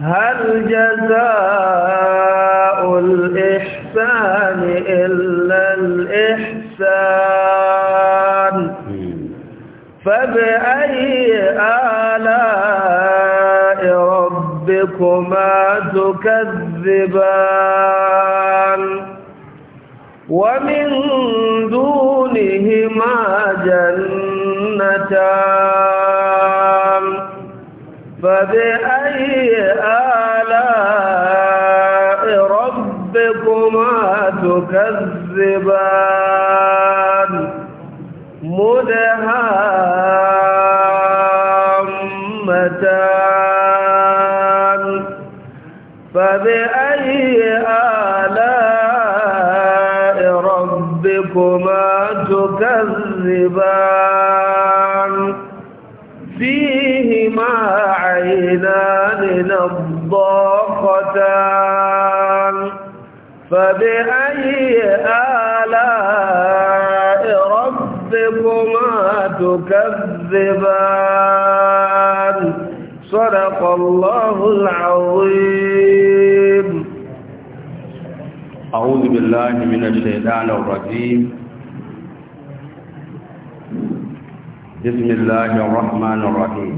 هل جزاء الإحسان إلا الإحسان فبأي آلاء ربكما تكذبان ومن دونهما جنتان فبأي آلاء ربكما تكذبان مدهامتان فبأي آلاء ربكما تكذبان مرتان فبأي آلاء ربكما تكذبان صدق الله العظيم أعوذ بالله من الشيطان الرجيم بسم الله الرحمن الرحيم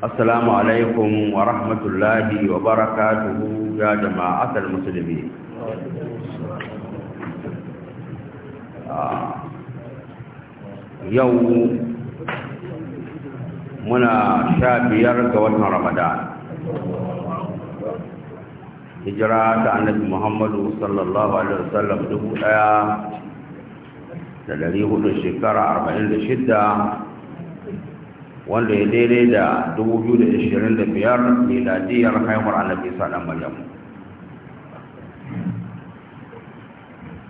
السلام عليكم ورحمة الله وبركاته يا جماعة المسلمين آه. يوم منا شابير قوتنا رمضان هجرات عن محمد صلى الله عليه وسلم دبوا آه. يقول 400 أربعين لشدة wanda ya daidai da 2025 miladiyar haihuwar annabi sa'adar maryam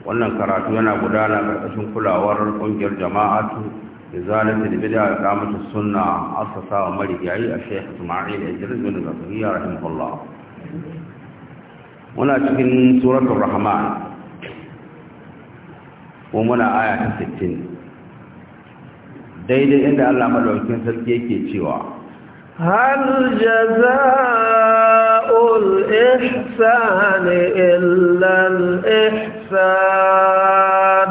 wannan karatu yana gudana karkashin kulawar kungiyar jama'atu da bid'a da kamata sunna asasa wa marigayi a sheikh isma'il idris bin zakariya rahimahullah muna cikin suratul rahman ko muna aya ta daidai inda Allah madaukakin sarki yake cewa hal jazaa'ul ihsani illa al ihsan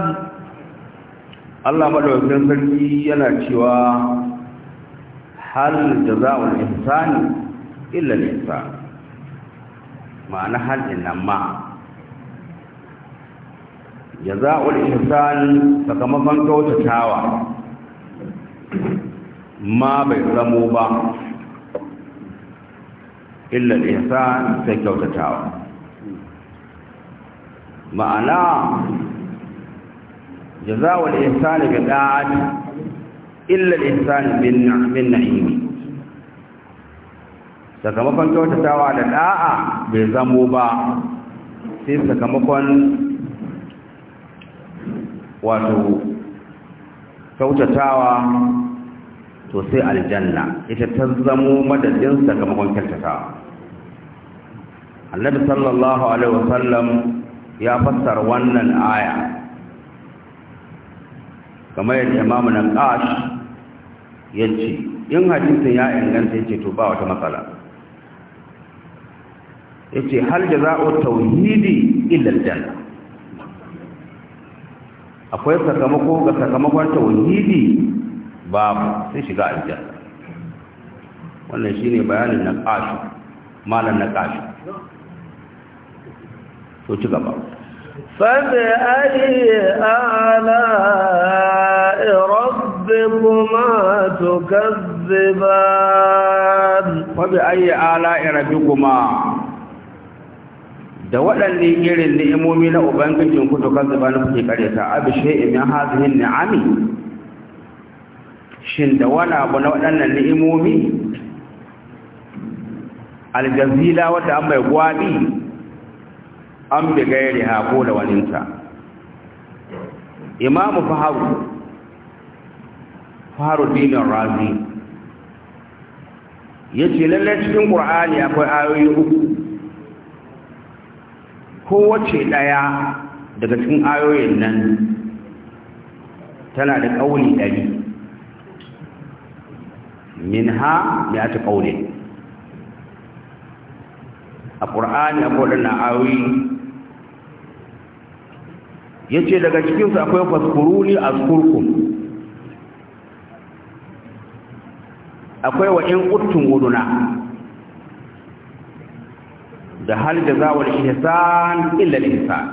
Allah madaukakin sarki yana cewa hal jazaa'ul ihsani illa al ihsan ma'ana hal inma jazaa'ul ihsani sakamakon kautatawa ma bai zamo ba illal ihsan sai kyautatawa ma'ana jazawul ihsan bi da'at illal ihsan bin bin na'imi sakamakon kyautatawa da da'a bai zamo ba sai sakamakon wato kyautatawa to sai aljanna ita ta zamo madadin sakamakon kyautata annabi sallallahu alaihi wasallam ya fassara wannan aya kamar yadda imam ya ce, in hadisin ya inganta ya ce to ba wata matsala Ya yace hal jaza'u tauhidi illa aljanna akwai sakamako ga sakamakon tauhidi babu sai shiga aljanna wannan shine bayanin naqashi malan naqashi to ci gaba فبأي آلاء ربكما تكذبان فبأي آلاء ربكما da waɗanne irin ni'imomi na ubangijinku to kan zuba na kuke karyata abishe imin hazihin ni'ami shin da wani abu na waɗannan ni'imomi aljazila wata an mai gwaɗi an bi gairi haƙo da waninta imamu faharu faharu dinin razi ya ce lallai cikin ƙur'ani akwai ayoyi uku kowace ɗaya daga cikin ayoyin nan tana da ƙauni ɗari minha mi'atu qawlin a qur'ani akwai wadannan ayoyi yace daga cikin su akwai faskuruni azkurkum akwai wa in quttun guduna da hal jazawul ihsan illa al ihsan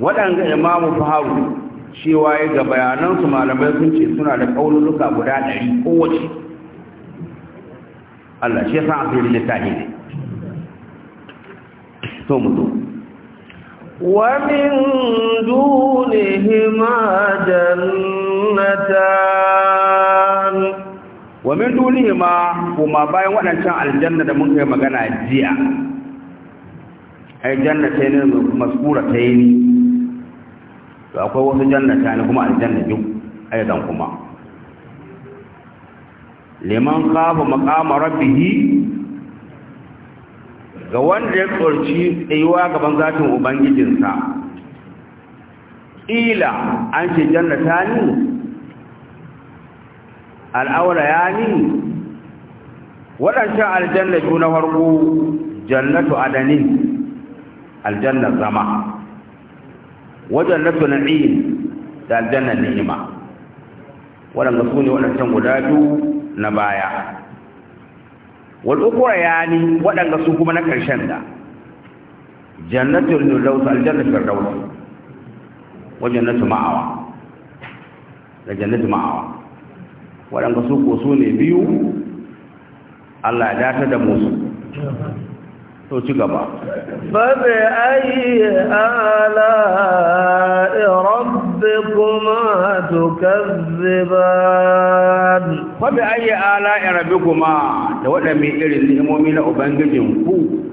wadanga imamu faharu cewa ya ga bayanansu malamai sun ce suna da ƙaunuka guda ɗari kowace Allah shi ya san asirin littafi ne so mu zo ومن دونهما جنتان ومن ma kuma bayan waɗancan aljanna da mun kai magana jiya ai yi maskuratayn to akwai wasu jannata ne kuma aljanna biyu aidan kuma liman kafa maqama rabbihi ga wanda ya tsorci tsayuwa gaban zatin ubangijinsa ila an ce jannata ne al'aura ya ni waɗancan aljanna biyu na farko jannatu adanin aljannar zama wajen na tuna'in da aljanna ni'ima waɗanda su ne waɗancan guda biyu na baya wal'ukura ya ni waɗanda su kuma na ƙarshen da jannatul nulaus aljanna firdausa wajen na tuma'awa da jannatin ma'awa waɗanda su ko su ne biyu Allah ya dace da musu to ci gaba fabi ayi ala rabbikuma tukazziban fabi ayi ala rabbikuma da wadanne irin ni'imomi na ubangijin ku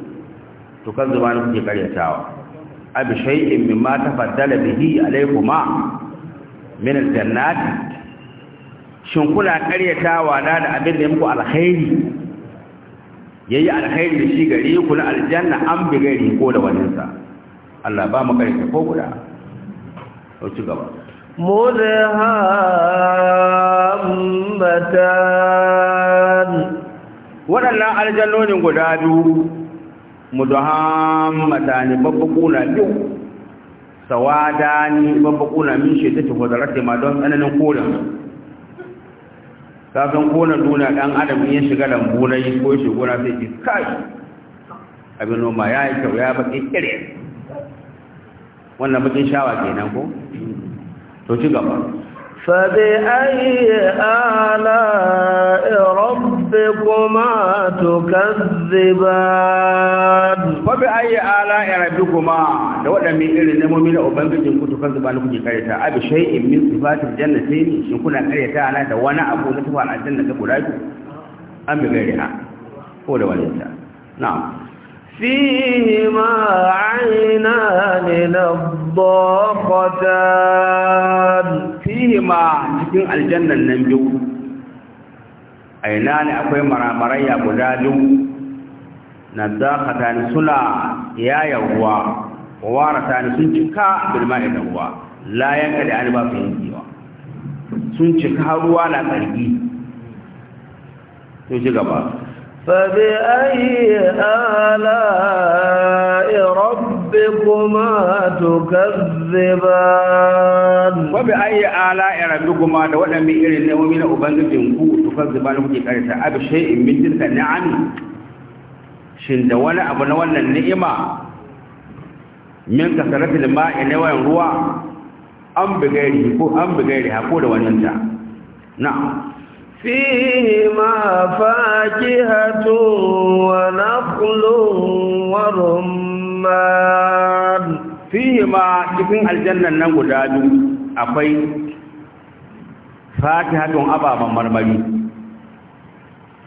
tukazziban kuke karyatawa abi shay'in mimma tafaddala bihi alaykuma min aljannat shin kuna karyatawa da abin da muku alkhairi yayi alkhairi da shi gare ku na aljanna an bi gari ko da wannan sa Allah ba mu kai ko guda to ci gaba mudhammatan wadannan aljannonin guda biyu mudhammatan babbakuna biyu sawadani babbakuna min shi ta tafi da ma don tsananin koren ka san kona duna dan adam ya shiga lambu na yi ko shi gona sai ki kai abin noma ya yi kyau ya baki kire wannan bakin shawa kenan ko to ci gaba فبأي آلاء ربكما تكذبان فبأي آلاء ربكما da waɗannan irin namomi da ubangijin ku tukan zuba kuke karyata abi shay'in min sifatil jannati shin kuna karyata ana da wani abu na tufa aljanna ta guda ku an bi gairiha ko da wani ta na'am فيهما عينان نضاقتان فيهما cikin aljannan nan biyu aina ne akwai maramarayya guda biyu nadaqatan suna yaya ruwa waratan sun cika bil ma'i da ruwa la yanka da alba sun yiwa sun cika ruwa na karbi to ci gaba فبأي آلاء ربكما تكذبان وبأي آلاء ربكما دولا من إلى النومين أبنجدين كو تكذبان كي كارتا أبي شيء من تلك النعم shin da wani abu na wannan ni'ima min kasarati lima'i na ruwa an bigari ko an da wannan ta فيهما فاكهة ونخل ورمان فيهما cikin aljannan nan guda biyu akwai fatihatun ababen marmari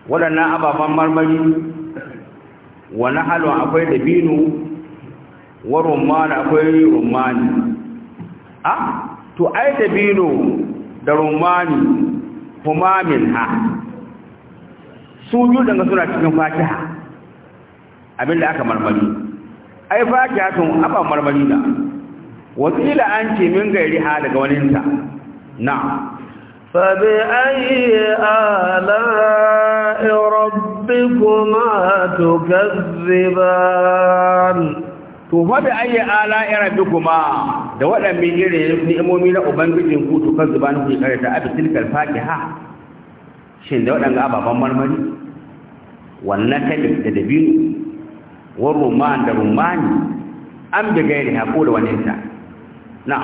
waɗannan ababen marmari wani halin akwai dabino wa rumman akwai rummani a to ai dabino da rummani kuma min ha biyu daga suna cikin fatiha abinda aka marmari ai fatiha sun aba marmari da wasila an ce min gairi ha daga waninta na tukazziban To fa bi ayi آلاء ربكما da waɗannan irin ni'imomi na ubangijin ku to kan zubanu ku kare ta abi tilkal fatiha shin da waɗannan ababan marmari wannan kali da dabino wa ruman da rumani an da gairi hako da wani ta na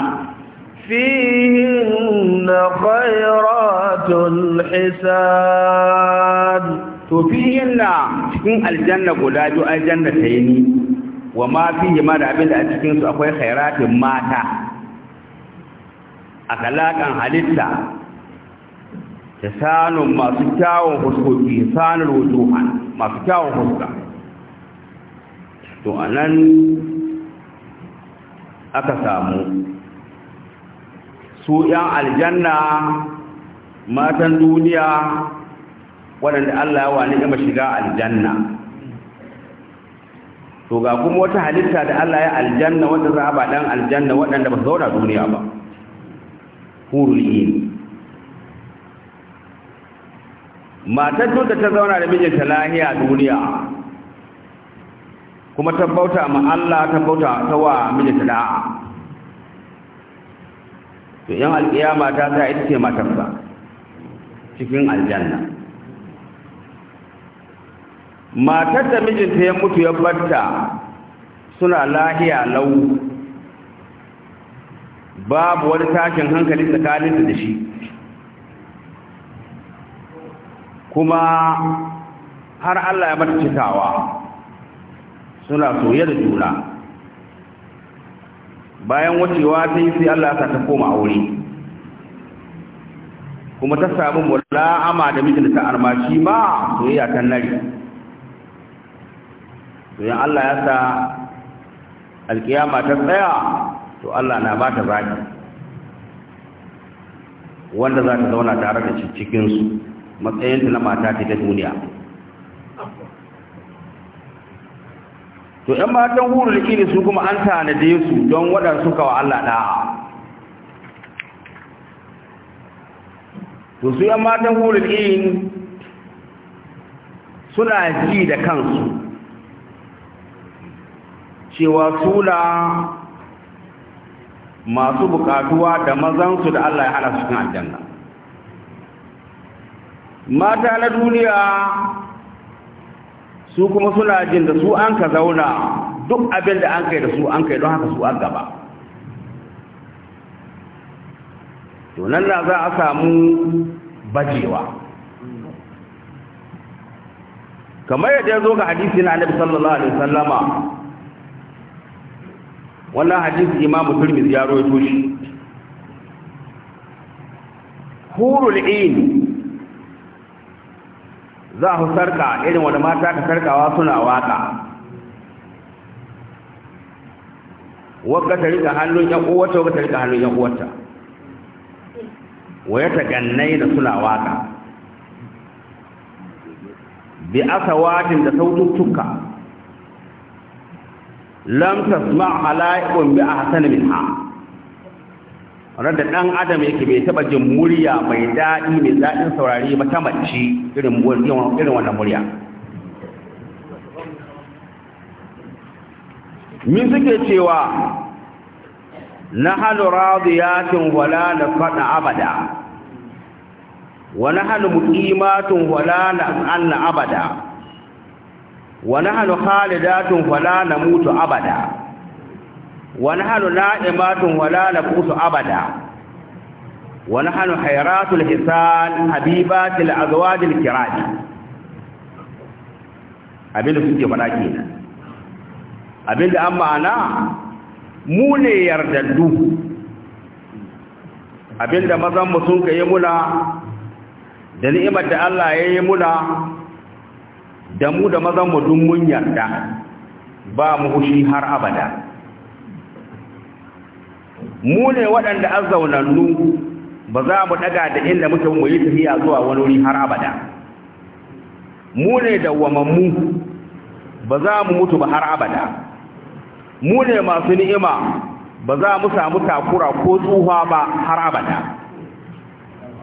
fihin khairatun hisab to fihin na cikin aljanna guda biyu aljanna ta ni wa ma fihi ma da abinda a cikin su akwai khairatin mata akalakan halitta sanun masu kyawun huskoki masu kyawun huska to anan aka samu su yan aljanna matan duniya waɗanda Allah ya wa ni'ima shiga aljanna to ga kuma wata halitta da Allah ya aljanna wanda za a ba dan aljanna waɗanda ba su zauna duniya ba hurul yin matar da ta zauna da mijinta lahiya duniya kuma ta bauta ma Allah ta bauta ta wa mijinta da'a to yan alƙiyama ta ta ita ce matarsa cikin aljanna matar da mijinta ya mutu ya batta suna lahiya lau babu wani tashin hankali tsakaninta da shi kuma har Allah ya mata cikawa suna soye da juna bayan wucewa sai yi sai Allah ta koma aure kuma ta samu mula'ama da mijinta armashi ma soyayya kan nari domin Allah ya sa alkiyama ta tsaya to Allah na ba ta zaki wanda za ta zauna tare da cikinsu matsayinta na mata ta ta duniya to ‘yan matan hurul kini su kuma an tanade su don waɗansu wa Allah da to su ‘yan matan hurul kini suna ji da kansu cewa sula masu bukatuwa da mazansu da Allah ya hana su cikin aljanna mata na duniya su kuma suna jin da su an ka zauna duk abin da an kai da su an kai don haka su an gaba to nan na za a samu bajewa kamar yadda ya zo ga hadisi na annabi sallallahu alaihi wasallama wannan hadisi imamu turmiz ya rawaito shi hurul ain za ku sarka irin wanda mata ka sarkawa suna waka wadda ta rika hannun yan uwata wadda ta rika hannun yan uwata waya ta gannai da suna waka bi asawatin da saututtuka lam tasma halaiqun bi ahsan minha wanda da dan adam yake bai taba jin murya mai dadi mai dadin saurari ba ta mace irin irin wannan murya min suke cewa nahanu radiyatin wala na fada abada wa nahanu muqimatun wala na anna abada Wani hannu nahnu khalidatun fala mutu abada wa nahnu na'imatun wala naqusu abada wa nahnu hayratul hisan habibatil azwadil kiram abinda suke faɗa kenan abinda an ma'ana mu ne yardaddu abinda mazan mu sun kai muna da ni'imar da Allah ya yi muna da mu da mazan mu dun mun yarda ba mu hushi har abada mu ne waɗanda an zaunannu ba za mu daga da inda muke mu yi tafiya zuwa wani har abada mu ne dawwamammu ba za mu mutu ba har abada mu ne masu ni'ima ba za mu samu takura ko tsuha ba har abada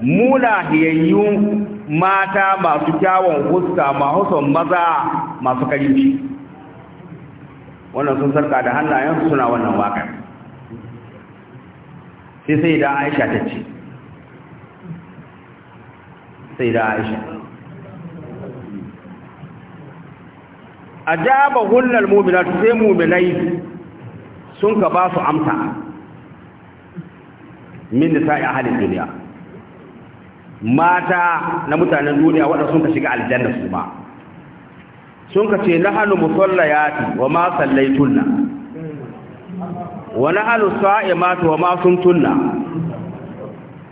Muna lahiyayyu mata masu kyawun huska masu maza masu karinci wannan sun sarka da hannayensu suna wannan waƙar sai sai da aisha ta ce sai da aisha a jaba hunnar mumina sai muminai sun ka ba su amsa min da sa'i a halin duniya mata na mutanen duniya waɗanda sun ka shiga aljanna su ma sun ka ce nahanu musallayati wa ma sallaitunna wa nahanu mata wa ma sumtunna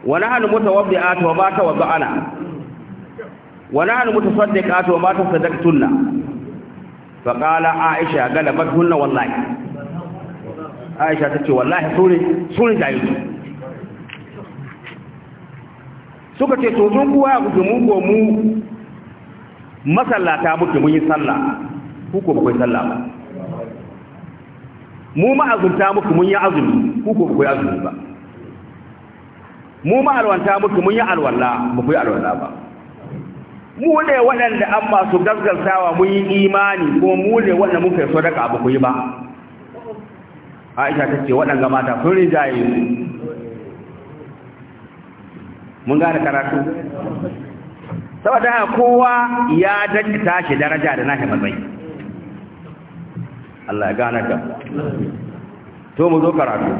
wa nahanu mutawaddi'atu wa ma tawadda'ana wa nahanu mutasaddiqatu wa ma tasaddaqtunna fa qala aisha galabat hunna wallahi aisha tace wallahi sune sune jayyatu suka ce to sun kuwa ku mu ko mu masallata muke mun yi sallah ku ko bakwai sallah ba mu ma'azunta muke mun yi azumi ku ko bakwai azumi ba mu ma'alwanta muke mun yi alwala bakwai ku yi alwala ba mu ne waɗanda an masu gaggarsawa mun yi imani ko mu ne waɗanda muka yi sadaka ba ku yi ba Aisha ta ce waɗanda mata sun rijaye mun gane karatu saboda haka kowa ya dace tashi daraja da nake mai Allah ya gane ka to mu zo karatu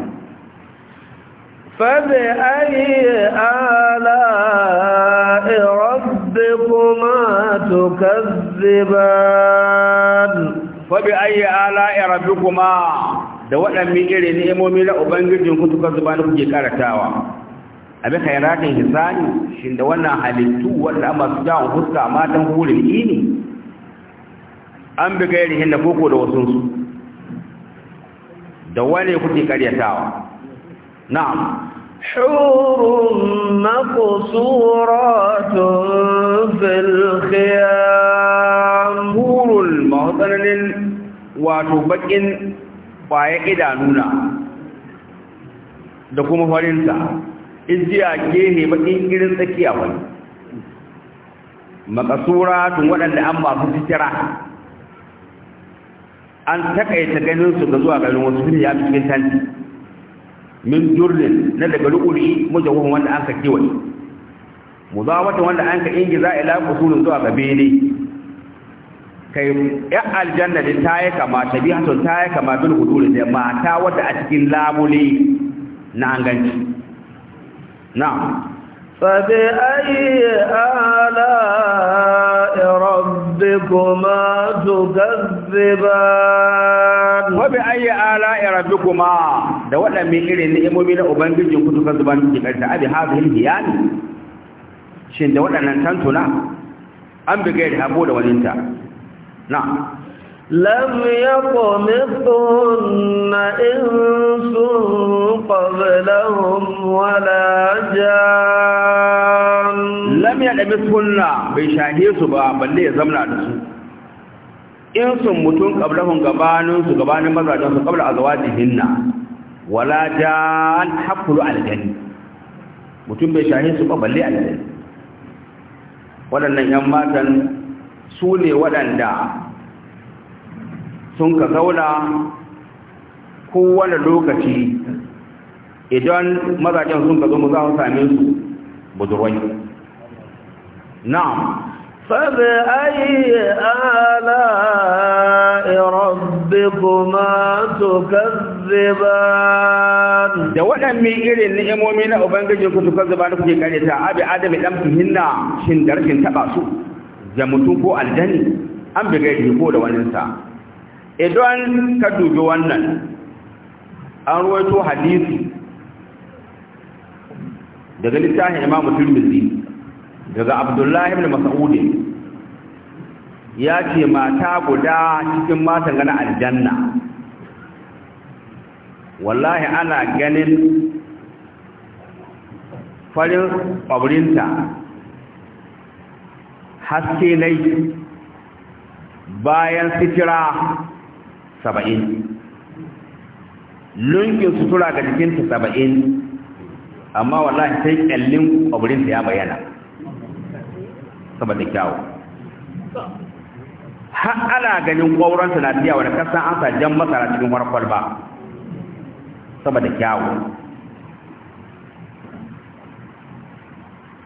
fa ayi ala rabbikuma tukazziban fa bi ayi ala rabbikuma da waɗannan irin ni'imomi na ku tukazziban ke karatawa abin khairatin hisani shi da wannan halittu wanda masu jawon huska matan hurin ini an bi gairi hinna koko da wasu su da wane kuke karyatawa na shurun na kusuratun filkhiya hurun mahutsananin wato bakin baya idanuna da kuma farinta izziya gehe bakin girin tsakiya wani makasura tun waɗanda an su fitira an takaita ganin su ga zuwa garin wasu fili ya cikin tanti min jurlin na daga rukuri mujawahun wanda an ka za muzawata wanda an ka ingiza ila kusurin zuwa ga bene kai ya aljanna da ta yi kama tabihatun ta yi kama bin hudu da mata wadda a cikin labule na an ganci نعم فبأي آلاء ربكما تكذبان وبأي آلاء ربكما ده ولا من إلين إمومين أبنجي كنت تكذبان جبالت أبي هذه الهيان شين ده ولا ننتنتنا أم بغير هبود وننتا نعم لم يطمثهن إنس قبلهم ولا جان لم يطمثهن سبا بل يزمنا نسو إنس متون قبلهم قبانون قبان مزاجون قبل أزواجهن ولا جان حفل على الجن متون سبا بل يزمنا waɗannan ‘yan matan su ne waɗanda sun ka zauna kowane lokaci idan mazajen sun ka zo mu za su same su budurwai na'am kuma su ربكما ba. da waɗannan irin ni'imomi na ubangijin ku tukazzaba da kuke kare ta abi adam ɗan hinna shin da rashin su da mutum ko aljani an bi ko da waninsa. idan ka dubi wannan an ruwaito hadisi daga littafin imam turmizi daga abdullahi ibn mas'ud ya ce mata guda cikin matan gana aljanna wallahi ana ganin farin ƙwabrinta haske nai bayan sitira saba'in lunkin sutura ga jikinta saba'in amma wallahi sai kyallin kwaburinta ya bayyana saboda kyawu har ganin kwauransa na tiyawa da kasan an sa jan masara cikin warkwal ba saboda kyawu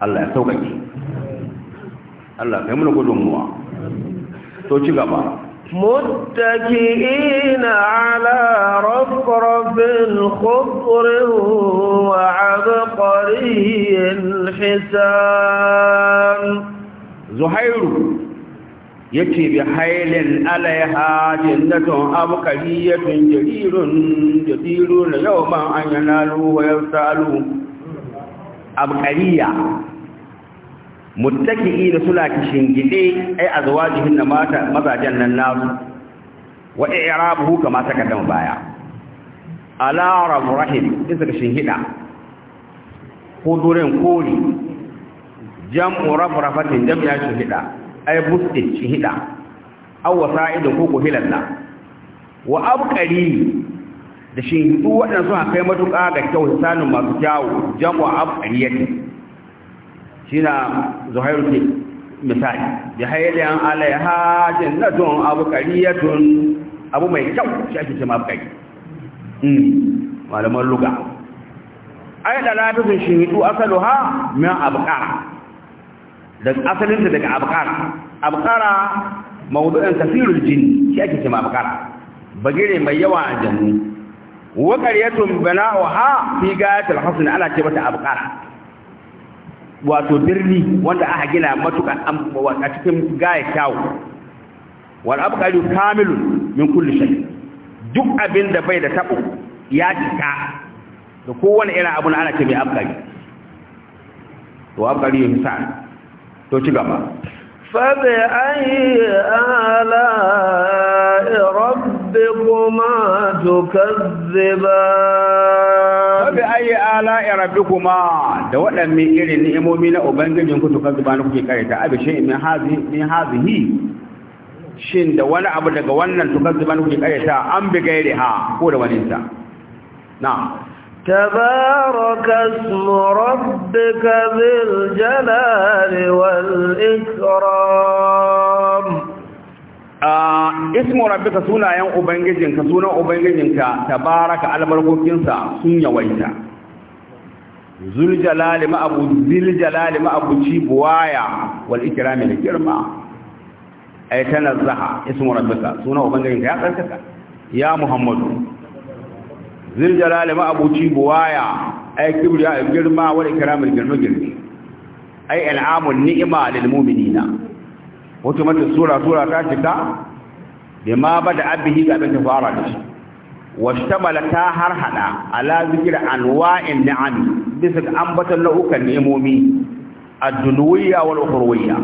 Allah ya sauƙaƙe Allah kai muna gudunmuwa to ci gaba متكئين على رفرف خضر وعبقري الحسان زهير يتي بحيل عليها جنة عبقرية جدير جدير يوم أن ينالوا ويسألوا عبقرية da suna kishingide ai azwajihin na mata mazajen nan nasu wa i'rabuhu kama dan baya ala rahim isa kishingida kudurin kori jam'u rafrafatin jam'a shihida ai bustin shihida aw wasa'idun ko hilalla wa abqari da shingidu waɗansu sun kai matuƙa ga kyau hisanin masu kyawu jam'u abqariyati shi zuhairu ne misali da hailiyan alaiha jannatun abu kariyatun abu mai kyau shi ake ce mafi kari hmm, malaman luga ai da shi shahidu asalu ha min abkara da asalinta daga abkara abkara mawudu'in kafirul jini shi ake ce abkara bagire mai yawa a jannu wa qaryatun bana'uha fi gayatul hasn ala ce mata abkara wato birni wanda aka gina matukan a cikin gaya kyawu wal abqalu kamilun min kulli shay duk abin da bai da tabo ya cika da kowane irin abu na ana ce mai abqali to abqali yin sa to ci gaba fa bi ayi ala ربكما تكذبان فبأي آلاء kuma da waɗannan irin ni'imomi na ubangijin ku tukazzuba na kuke karanta abi shin min hazihi min hazihi shin da wani abu daga wannan tukazzuba na kuke karanta an bi gairi ha ko da wani ta na'am تبارك اسم ربك ذي الجلال والإكرام Ah, ismu rabbika sunayen ubangijinka sunan ubangijinka tabaraka albarkokinsa sun yawaita zuljalali ma abu ci buwaya wal ikrami da girma ay tanazzaha ismu rabbika sunan ubangijinka ya tsarkaka ya muhammadu abu ci buwaya ay kibriya girma wal ikrami da girma girma ay al'amun ni'ima lil mu'minina wato mata sura sura ta cika bi ma bada abihi ga ta fara da shi washtamala ta har hada ala zikir anwa'in ni'am bisa ga ambatan nau'ukan nemomi ad-dunwiya wal ukhrawiyya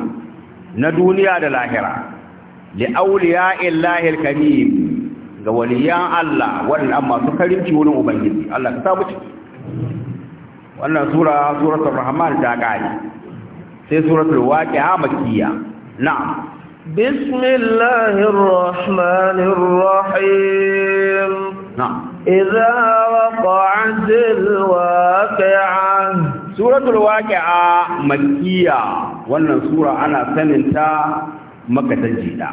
na duniya da lahira li awliya illahi al-karim ga waliyan Allah wannan amma su karimci wurin ubangiji Allah ka sabuci wannan sura suratul rahman ta gani sai suratul waqi'a makkiyya نعم بسم الله الرحمن الرحيم نعم إذا وقعت الواقعة سورة الواقعة مكية وأن سورة أنا سننتا مكة تجيدا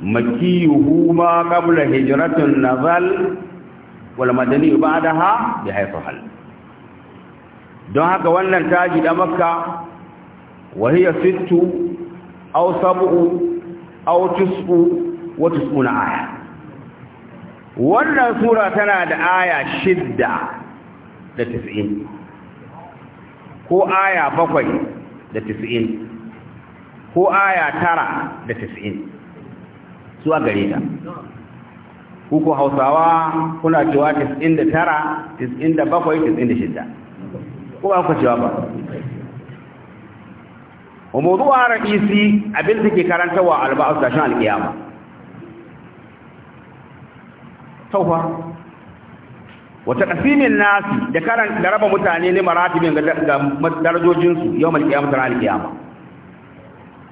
مكي هما قبل هجرة النظل والمدني بعدها بحيث حل دون هكا وأن تاجد مكة وهي ست aw sab'u aw tis'u wa tis'una aya wannan sura tana da aya shidda da tis'in ko aya bakwai da tis'in ko aya tara da tis'in su a gare ta kuku hausawa kuna cewa da da tara, bakwai, 99 97 96 ko ba ku cewa ba wa mawdu'a ra'isi abin da ke karantawa alba'u tashin alkiyama taufa wata taqsimin nas da karan da raba mutane ne maratibin ga darajojin su yawmal qiyamah ran alkiyama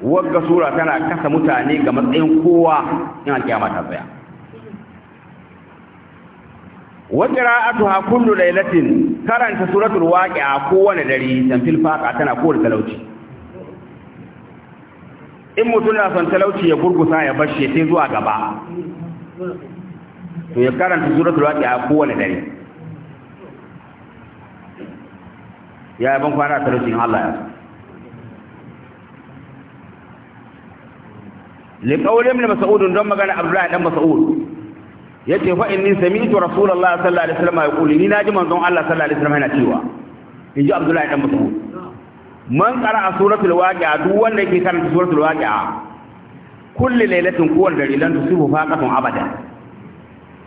wagga sura tana kasa mutane ga matsayin kowa in alkiyama ta tsaya wa qira'atuha kullu laylatin karanta suratul waqi'a kowane dare tamfil faqa tana kowace talauci in mutum na son talauci ya gurgusa ya bar shi sai zuwa gaba to ya karanta suratul waqi'a kowane dare ya ban kwana talaucin Allah ya li qawli ibn mas'ud don magana abdullahi dan mas'ud yace fa inni sami'tu rasulullahi sallallahu alaihi wasallam yaqulu ni naji manzon Allah sallallahu alaihi wasallam yana cewa inji abdullahi dan mas'ud man qara'a suratul waqi'a duk wanda yake karanta suratul waqi'a kulli lailatin kowanne dare lan tusibu faqatun abada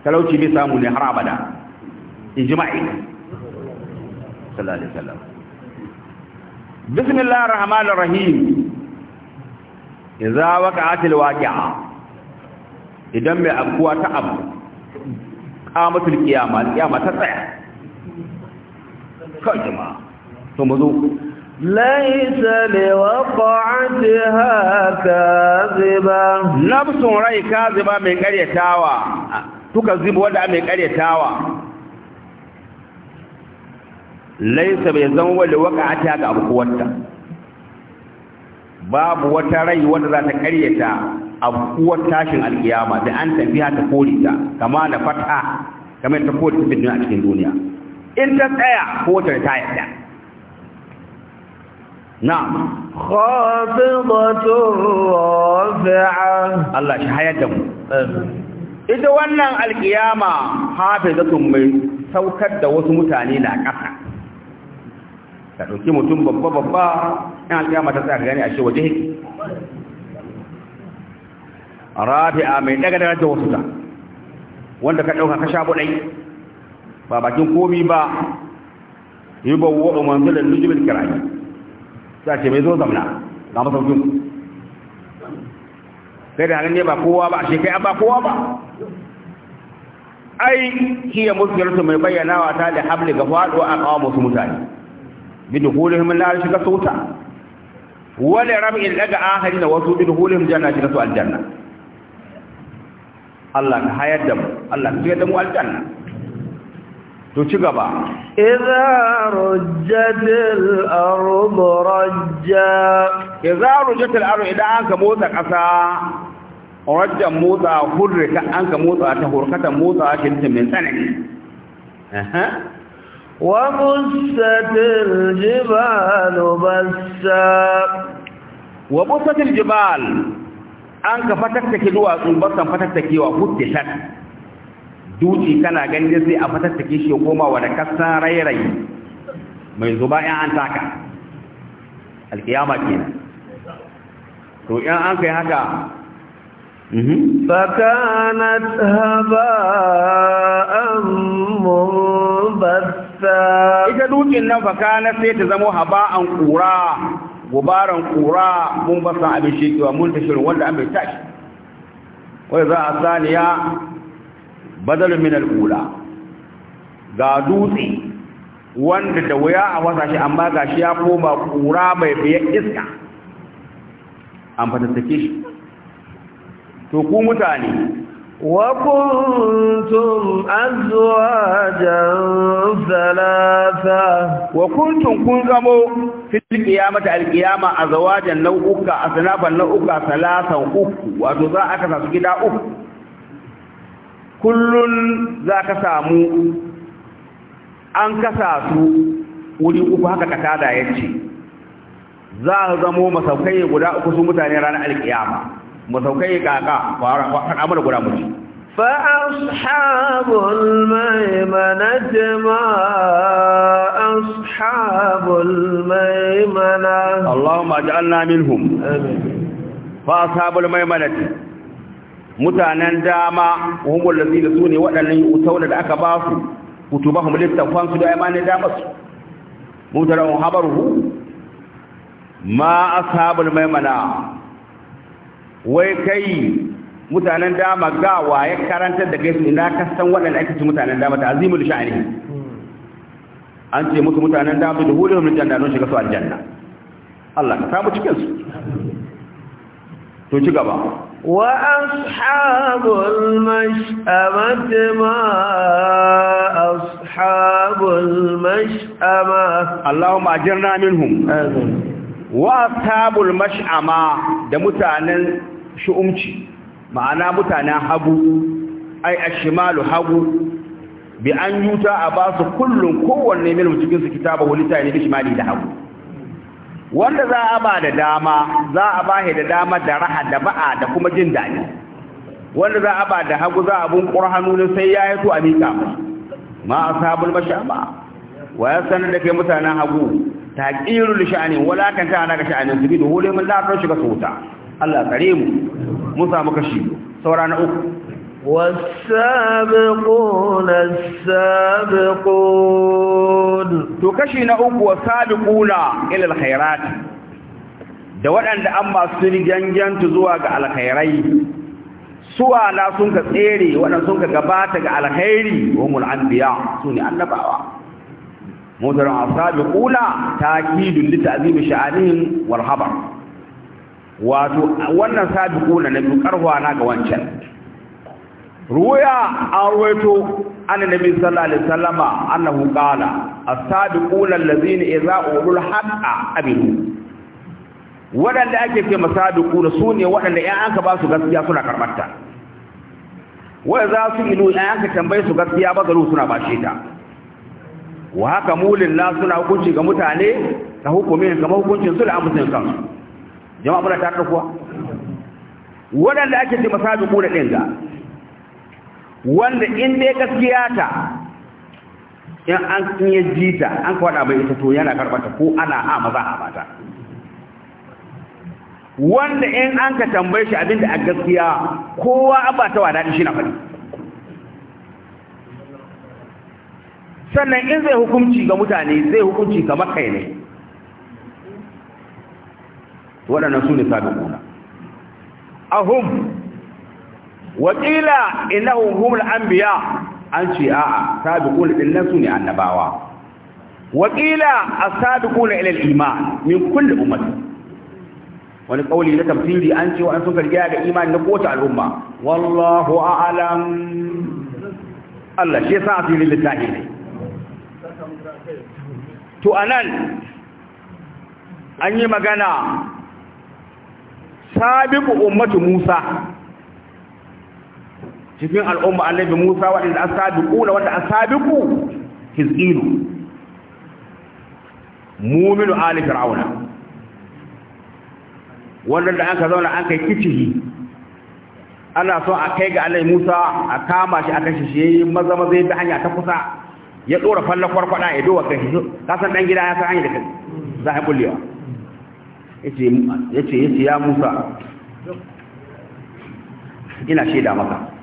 talauci bai samu ne har abada ijma'i sallallahu alaihi wasallam bismillahir rahmanir rahim idza waqa'atil waqi'a idan mai afkuwa ta abu qamatul qiyamah qiyamah ta tsaya kai jama'a to mu zo ليس لوقعتها كاذبا نفس راي كاذبا من قرية تكذب ودا من قرية ليس بيزن لوقعتها كأبقوتها babu wata rai wanda za ta karyata abuwar tashin alkiyama da an tafiya ta kori ta kama na fata kamar ta kori ta a cikin duniya in ta tsaya ko ta yadda نعم خافضة رافعة الله شهيته ita wannan alkiyama hafizatun mai saukar da wasu mutane na ƙasa ta ɗauki mutum babba babba ɗan alkiyama ta tsaya gani a ce waje rafi'a mai daga darajar wasu ta wanda ka ɗauka ka sha buɗai ba bakin komi ba yi bawa umarnin da sai ce mai zo zamna ga masaukin sai da ne ba kowa ba shi kai ba kowa ba ai hiya musgirtu mai bayyanawa ta da hamli ga faɗo a kawo musu mutane bi dukhulihim la shiga sauta wala rab'il daga ahari na wasu bi jana shiga nasu aljanna Allah ka hayar da mu Allah ka shigar da mu aljanna توچي غبا اذا رجت الارض رجا اذا رجت الارض اذا انك موتا قسا رجا موتا حرك انك موتا تحركت موتا شنت من سنه اها وبست الجبال بسا وبست الجبال انك فتكت كدوا ان بسن فتكت كيوا فتشت duci kana ganin sai a fatar take shi ya koma wa da kasan rairayi mai zuba in an taka alkiyama kenan to in an kai haka mhm. fakanat haba'an mumbatha ita dukin nan fakana sai ta zama haba'an kura gubaran kura mun basa abin shekewa mun tashirin wanda an bai tashi wai za a saniya badal min al ga dutse wanda da wuya a wasa shi amma ga shi ya koma ƙura mai biyan iska an fatattake shi to ku mutane wa kuntum azwajan thalatha wa kuntum kun zamo fil qiyamati alƙiyama a azwajan nau'uka a asnafan nau'uka thalatha uku wato za a sasu gida uku Kullum za ka samu an kasa su wuri uku haka katada ya ce za a zamo masaukai guda uku su mutane ranar alkiyama masaukai kaka fara amur guda mutu فأصحاب الميمنة ما أصحاب الميمنة اللهم اجعلنا منهم آمين فأصحاب الميمنة mutanen dama humul ladina sune waɗannan utaunar da aka ba su kutubahum littafan su da imanin dama su mutaran habaru ma ashabul maimana wai kai mutanen dama ga waye karantar da gaisu ina kasan waɗanda ake ci mutanen dama ta azimul sha'ani an ce mutu mutanen dama da hulun mutan da don shiga su aljanna Allah ka samu cikin su to ci gaba وأصحاب المشأمة ما أصحاب المشأمة اللهم أجرنا منهم آمين وأصحاب المشأمة ده متعنى شؤمتي معنا متعنى حبو أي الشمال حبو بأن يوتا أباس كل قوة من المتقنس كتابه لتعني بشمالي لحبو wanda za a ba da dama za a ba da dama da raha da ba'a da kuma jin daɗi wanda za a ba da hagu za a bunkur hannu ne sai ya yato a miƙa ma ashabul mashama wa ya sanar da kai mutanen hagu taqirul sha'ani wala kan ta ga sha'anin su bi da hole mun la shiga sauta Allah kare mu mun samu kashi saura na uku والسابقون السابقون تكشي نأوك والسابقون إلى الخيرات da waɗanda an masu rigangantu zuwa ga alkhairai suwa na sun ka tsere waɗanda sun ka gabata ga alkhairi wamul anbiya su ne annabawa mutar asabi kula wato wannan sabiquna na dukarwa na ga wancan ruya an ruwaito an nabi sallallahu alaihi wasallama annahu qala as-sabiquna allazina idza ulul haqqa aminu wadanda ake ce masabiquna sune wadanda ya aka ba su gaskiya suna karbarta wa idza su ilu in tambaye su gaskiya ba garu suna bashe ta wa haka mulin la suna hukunci ga mutane ta hukumin ga hukuncin su da amsin kansu jama'a muna ta kuwa wadanda ake ce masabiquna din ga wanda in dai gaskiya ta in an kun jita, an ta an kwada mai ita to yana karbata ko ana a maza a mata wanda in an ka tambaye shi abinda a gaskiya kowa ba ta wada shi na faɗi sannan in zai hukunci ga mutane zai hukunci ga makai ne waɗannan su ne sabi kuna ahum wakila innahum humul anbiya an ce a'a sabiquna dinnan su ne annabawa wakila as-sabiquna ila al-iman min kulli ummati wani kauli na tafsiri an ce an sun karga da imani na kowace al'umma wallahu a'lam Allah shi yasa asiri lillahi ne to anan an yi magana sabiqu ummatu Musa cikin al'umma annabi Musa waɗanda an sabiku da wanda an sabiku hizqilu mu'minu ali fir'auna wanda an ka zauna an kai kicihi ana so a kai ga annabi Musa a kama shi a kashe shi yayi maza maza da hanya ta kusa ya dora fallan kwarkwada ya dowa kai ka san dan gida ya san hanya da kai za a kullewa yace yace yace ya Musa ina shaida maka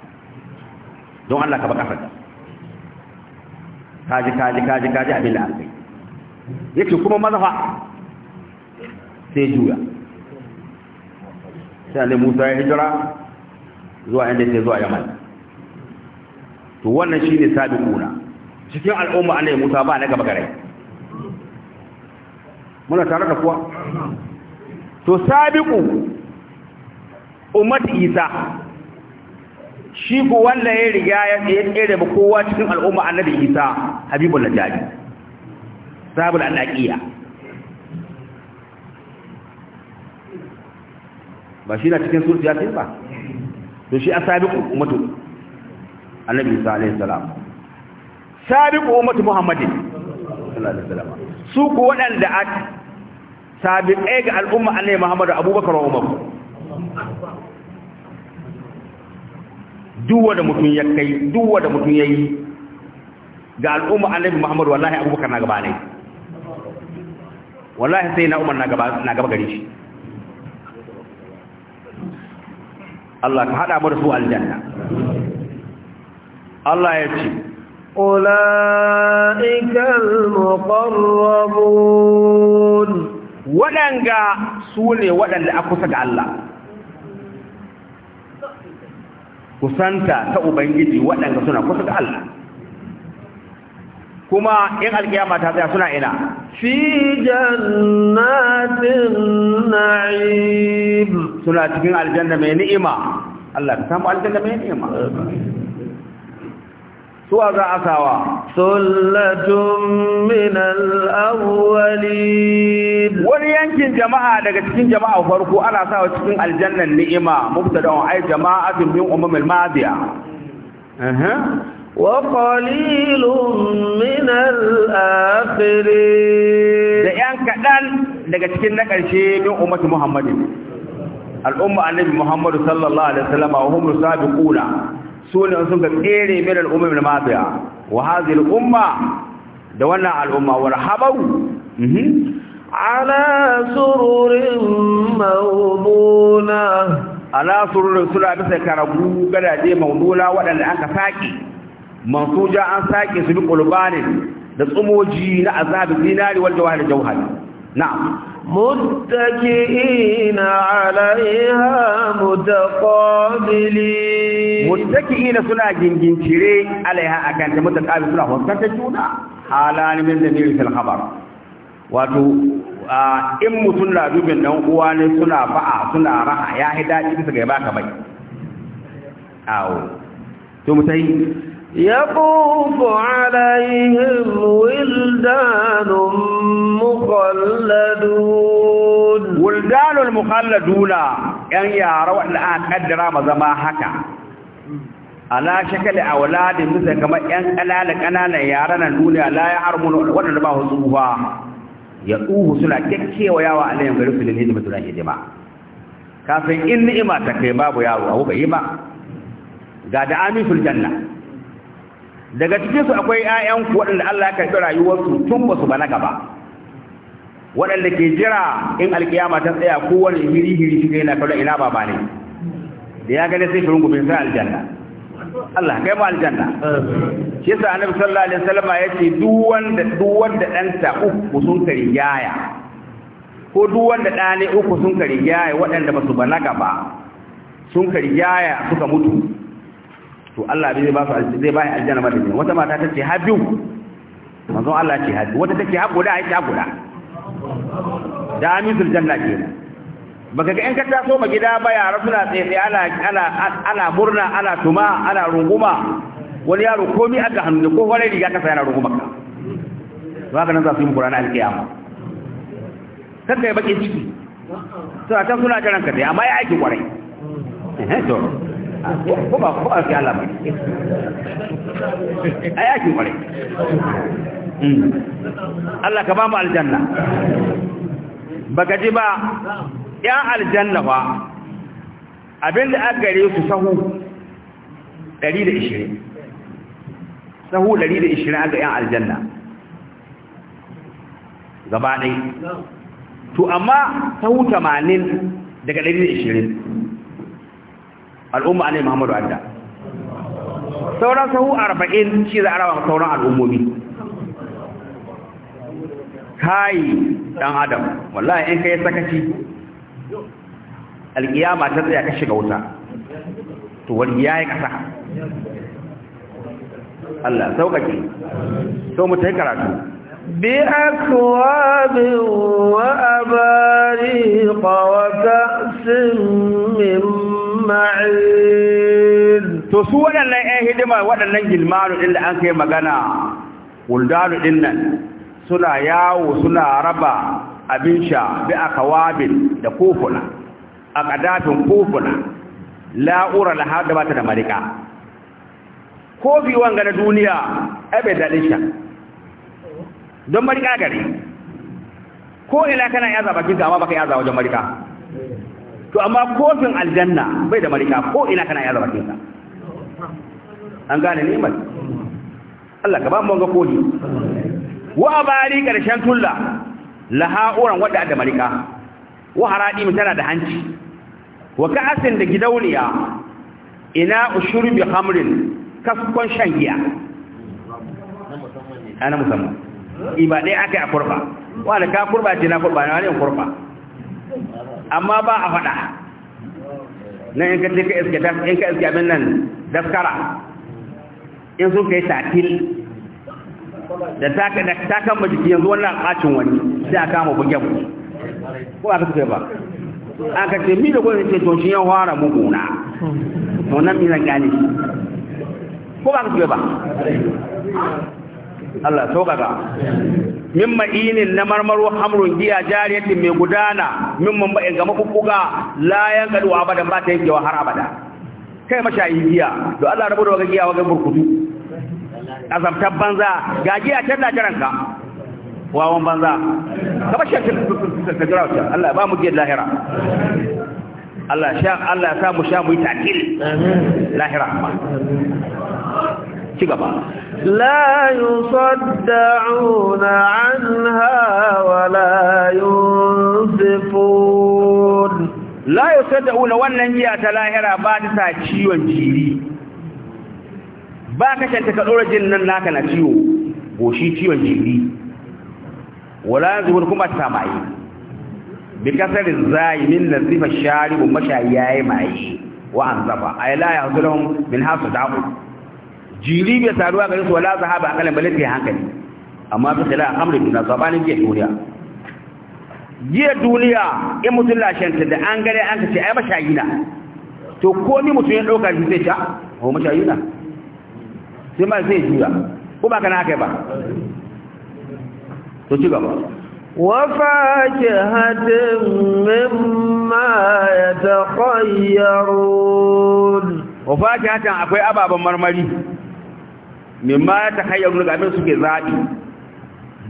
don Allah ka baka fada kaji kaji kaji kaji abin da aka yi yake kuma mazafa sai juya sai ne Musa ya hijira zuwa inda sai zuwa yamal to wannan shine sabiquna cikin al'umma yi Musa ba na gaba gare muna tare da kuwa to sabiqu ummat Isa shi ko wanda ya riga ya tsere ba kowa cikin al'umma annabi isa habibul najari sabul annaqiya ba shi na cikin sulhu ya ba to shi asabiqu ummatu annabi isa alayhi salam sabiqu ummatu muhammadin sallallahu alaihi wasallam su ko wadanda sabiqai ga al'umma annabi muhammadu abubakar wa umar duwa da mutum ya kai duwa da mutum ya yi ga al'umma annabi muhammadu wallahi abubakar na gaba ne wallahi sai na umar na gaba gare shi Allah ka haɗa marasu aljanna Allah ya ce ula'ikal muqarrabun waɗanga su ne waɗanda a kusa ga Allah kusanta ta ubangiji waɗanda suna kusa da Allah kuma in alkiyama ta tsaya suna ina fi jannatin na'im suna cikin aljanna mai ni'ima Allah ta samu aljanna mai ni'ima suwa za a sawa sullatun min al-awwalin wani yankin jama'a daga cikin jama'a farko ana sawa cikin aljannan ni'ima mubtada'un ay jama'atun min umamil madiya wa qalilun min al-akhirin da yan kadan daga cikin na karshe min ummati muhammadin al-umma annabi muhammadu sallallahu alaihi wasallam wa hum sabiquna su ne sun ga tsere min al'umma min mafiya wa hazil umma da wannan al'umma warhabau mhm. ala sururin ala sururin suna bisa karabu gadaje mawduna waɗanda aka saki mansuja an saki su bi qulbanin da tsumoji na azabi zinari wal jawhar jawhar na'am muttaqina alaiha mutaqabilin متكئين سنا جنجن شري عليها أكان متكئ سنا هون تجونا حالا من ذنيل في الخبر واتو آه، إم سنا دوبن نو وان سنا فا سنا راح يا هدا جنب سجبا كبي أو آه. ثم تي يطوف عليهم ولدان مخلدون ولدان المخلدون يعني يا روح الآن أدرى ما زما حكى ala shakali auladin musa kamar yan kalala kananan yaran nan duniya la ya harmunu wadanda ba su ba ya duhu suna kekkewa yawa alayhim gari filin hidima suna hidima kafin in ni'ima ta kai babu yawo abu bai yi ba ga da amiful janna daga cikin su akwai ƴaƴan ku waɗanda Allah ya karɓi rayuwar su tun ba su balaga ba waɗanda ke jira in alkiyama ta tsaya kowane hiri hiri shi yana kallon ina ba ne da ya gane sai shirin rungume sai aljanna Allah kai mu aljanna shi yasa annabi sallallahu alaihi wasallam ya ce duk wanda duk wanda ta uku sun yaya. ko duk wanda dane uku sun yaya waɗanda ba su banaka ba sun yaya suka mutu to Allah bai ba su zai ba aljanna ba da wata mata ta ce ha biyu manzon Allah ce ha wata take ha guda ai ta guda da amisul janna kenan baka ga in ka taso ma gida ba yara suna tsaye ana ana ana murna ana tuma ana runguma wani yaro komi aka hannu ko wani riga ka yana runguma ka to ka nan za su yi muku ranar alkiyama kan kai bakin ciki suna can suna jiran ka dai amma ya aiki kwarai ko ba ko Allah aiki kwarai hmm. Allah ka ba mu aljanna baka ji ba ya aljanna ba abinda aka gare su sahu 120 sahu 120 aka yan aljanna gaba ɗai to amma sahu 80 daga 120 al'umma ne muhammadu adda sauran sahu 40 shi za a rawa sauran al'ummomi Kayi dan adam wallahi in kai sakaci alƙiyama ta tsaya ka shiga wuta to wani yi ƙasa Allah sauƙaƙe so mu ta karatu bi akwabin wa abari wa sin min ma'in to su waɗannan 'yan hidima waɗannan gilmanu ɗin da an kai magana wuldanu ɗin nan suna yawo suna raba abin sha bi akwabin da kofuna a ƙadatun kofuna la'ura lahar da ba ta da marika kofi wanga na duniya abe daɗin don marika gari ko ila kana yaza bakin ka amma baka yaza wajen marika to amma kofin aljanna bai da marika ko ina kana yaza bakin ka an gane neman Allah ka ba mu ga kofi wa abari karshen tulla lahauran wadda da marika wa haradim tana da hanci wa ka'asin da gidauniya ina ushurbi khamrin kaskon shan giya ana musamman iba aka akai a kurba wanda ka kurba ce na kurba ne wani kurba amma ba a faɗa nan in ka ka iske in ka iske abin nan daskara in sun kai tatil da ta kan majiki yanzu wannan kacin wani sai a kama bugen ko aka ce ba aka ce mi da gwamnati ce to shi ya fara muguna to nan mi gani gane ko ba ka ce ba Allah sauƙaƙa min ma'inin na marmaru hamrun giya jariyatin mai gudana min mamba'in ga mafukuga layan kaduwa abadan ba ta kewa har abada kai mashayi giya to Allah rabu da waga giya waga burkutu azamtar banza ga giya can na jiranka واو بنزا كبشك تجراوشا الله ما مجيد لاهرا الله شاء الله سامو شامو يتاكل لاهرا شكرا لا يصدعون عنها ولا ينصفون لا يصدعون وانا ولا ينصفون بعد ساتشي وانجيري باكش انتك الورجل ننلاك ناتيو وشي تيو انجيري wala zuhur kuma ta maye bi kasar min nazifa shari sharib mashayi yayi maye wa an anzafa ay la yahdulhum min hasu da'u jiri bai saduwa gare su wala zahaba akalan balati hankali amma bi khilal amri bin sabanin ke duniya jiya duniya in mutum lashanta da an gare an kace ai mashayi na to ko ni mutum ya dauka shi zai ta ah, ho oh mashayi na sai ma sai juya ko ba kana haka ba to ci gaba وفاكهة مما يتخيرون وفاكهة akwai ababen marmari mimma ga abin suke zabi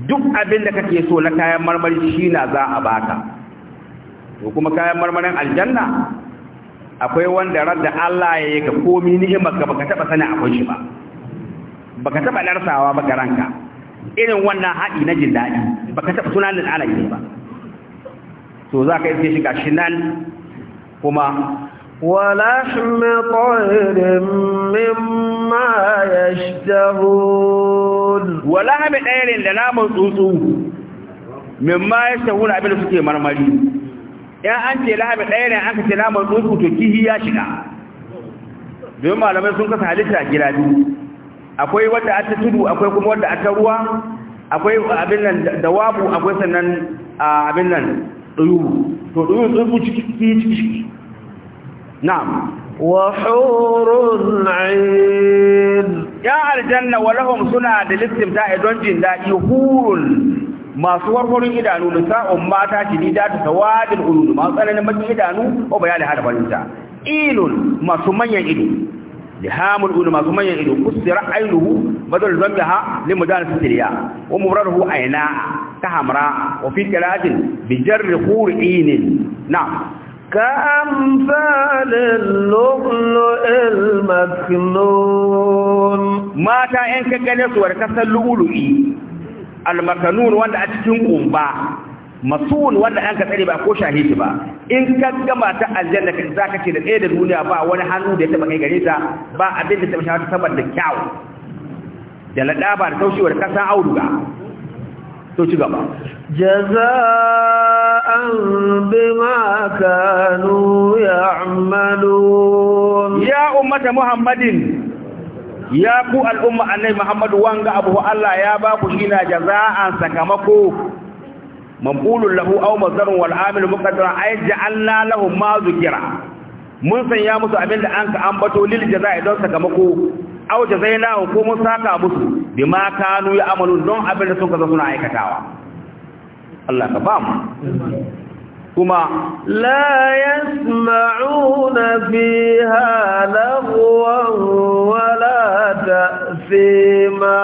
duk abin da kake so na kayan marmari shi na za a baka to kuma kayan marmarin aljanna akwai wanda radda Allah ya yi ka komi ni'imar ka baka taba sani akwai shi ba baka taba darsawa baka ranka irin wannan haɗi na jin daɗi ba ka taɓa tunanin ana yi ba to za ka yi shiga shi nan kuma shi ولحم طير مما يشتهون ولحم طير لنام تsuntsu مما يشتهون abin da suke marmari ya an ce lahab ɗaya an aka ce naman tsuntsu to kihi ya shiga domin malamai sun kasa halitta gida biyu akwai wadda ta tudu akwai kuma wadda ta ruwa akwai abin nan dawabu akwai sannan abin nan duyu to duyu tsubu ciki ciki ciki na'am wa hurun 'ain ya aljanna wa lahum suna da da don jin da hurun masu warwarin idanu nisa'un mata shidida ta tawadin ulul masu tsananin bakin idanu ko bayani hada balinta Ilul masu manyan ido لهام العلماء ثم يعيد كسر عينه بدل ذنبها لمدانة الرياء ومبرره عيناء كحمراء وفي قراءة بجر خور عين نعم كأمثال اللؤلؤ المكنون ما تا إنك كنس وركس اللؤلؤ المكنون وأنت أتشن قنبا masul wanda an ka tsare ba ko shahidi ba in ka gama ta aljanna ka zaka ce da ɗaya da duniya ba wani hannu da ya taba kai gare ta ba abin da ta mashi ta saboda kyau da ladaba da taushewar kasa auduga to ci gaba jazaa'an bima kanu ya'malun ya ummata muhammadin ya ku al'umma annabi muhammadu wanga abu Allah ya ba ku na jazaa'an sakamako mamqulun lahu aw mazdarun wal amil ay ja'alna lahu ma mun sanya musu abin da an ka ambato lil jazaa'i don sakamako aw jazainahu ko mun saka musu bima kanu ya amalu don abin da suka zo suna aikatawa Allah ka ba mu kuma la yasma'una fiha lagwan wala ta'sima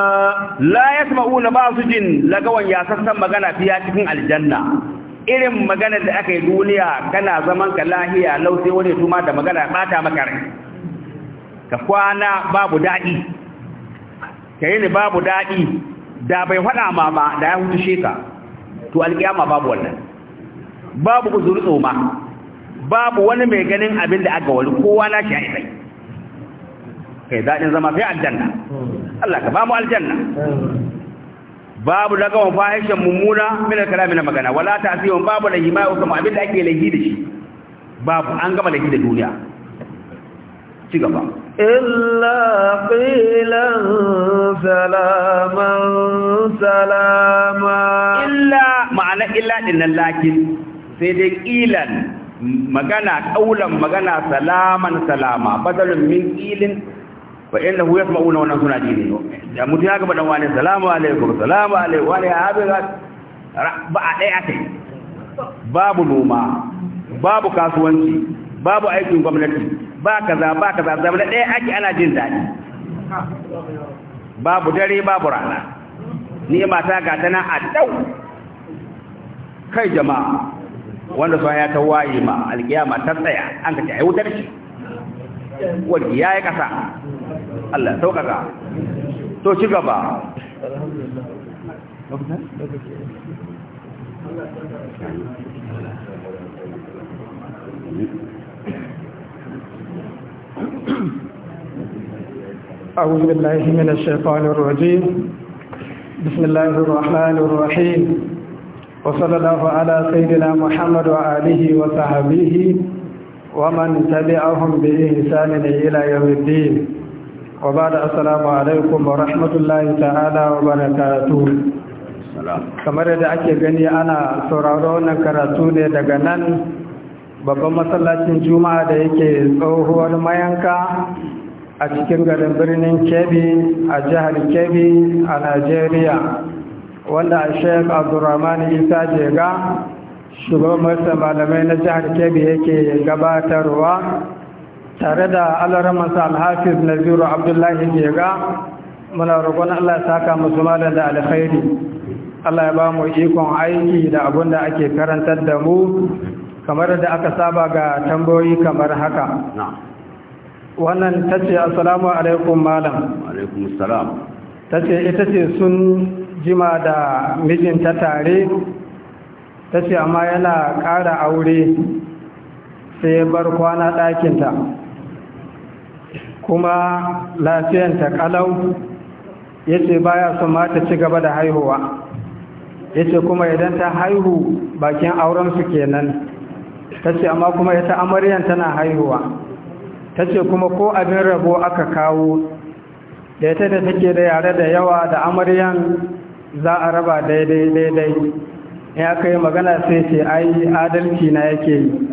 la yasma'una ba su jin lagawan ya sassan magana fiya cikin aljanna irin magana da aka yi duniya kana zaman ka lahiya lau sai wani tuma da magana bata maka rai ka kwana babu daɗi ka yi ni babu daɗi da bai fada ma da ya hutu ka to alƙiyama babu wannan babu uzur tsoma babu wani mai ganin abin da aka wani kowa na shi haifai kai daɗin zama sai aljanna Allah ka ba mu aljanna babu daga wani fahishin mummuna minar kalami na magana wala ta asiyon babu lahi hima ya abin da ake laifi da shi babu an gama laifi da duniya ci gaba illa qilan salaman salama illa ma'ana illa dinnan lakin sai dai ƙilan magana ƙaulan magana salaman salama badalin min ƙilin fa inda hu yasma'una wannan suna ji ne da mutum ya gaba dan wani salamu alaikum salamu alaikum wani abi ba a ɗaya ta babu noma babu kasuwanci babu aikin gwamnati ba kaza ba kaza zama ɗaya ake ana jin daɗi babu dare babu rana ni mata ga tana a dau kai jama'a wanda baya ta waye ma alkiyama ta tsaya an ka ce ai wutar shi wanda ya yi kasa Allah sauƙaƙa to ci gaba أعوذ بالله من الشيطان الرجيم بسم الله الرحمن الرحيم وصلى الله على سيدنا محمد وآله وصحبه ومن تبعهم بإحسان إلى يوم الدين وبعد السلام عليكم ورحمة الله تعالى وبركاته kamar da ake gani ana sauraro wannan karatu ne daga nan babban masallacin juma'a da yake tsohuwar mayanka a cikin garin birnin kebbi a jihar kebbi a najeriya wanda a sheik abdurrahman isa jega shugaban marasa malamai na jihar kebbi yake gabatarwa tare da alaramansa alhafiz naziru abdullahi jega muna roƙon allah ya saka musu malam da alkhairi allah ya ba mu ikon aiki da abun da ake karantar da mu kamar da aka saba ga tambayoyi kamar haka wannan ta ce assalamu alaikum malam alaikum assalam ta ce ita ce sun jima da mijinta tare ta ce amma yana ƙara aure sai ya bar kwana ɗakinta kuma lafiyanta ƙalau ya ce baya son mata ci gaba da haihuwa ya ce kuma idan ta haihu bakin aurensu kenan ta ce amma kuma ta amaryan tana haihuwa ta ce kuma ko abin rabo aka kawo da ta da take da yare da yawa da amaryan za a raba daidai daidai in aka yi magana sai ce ai adalci na yake yi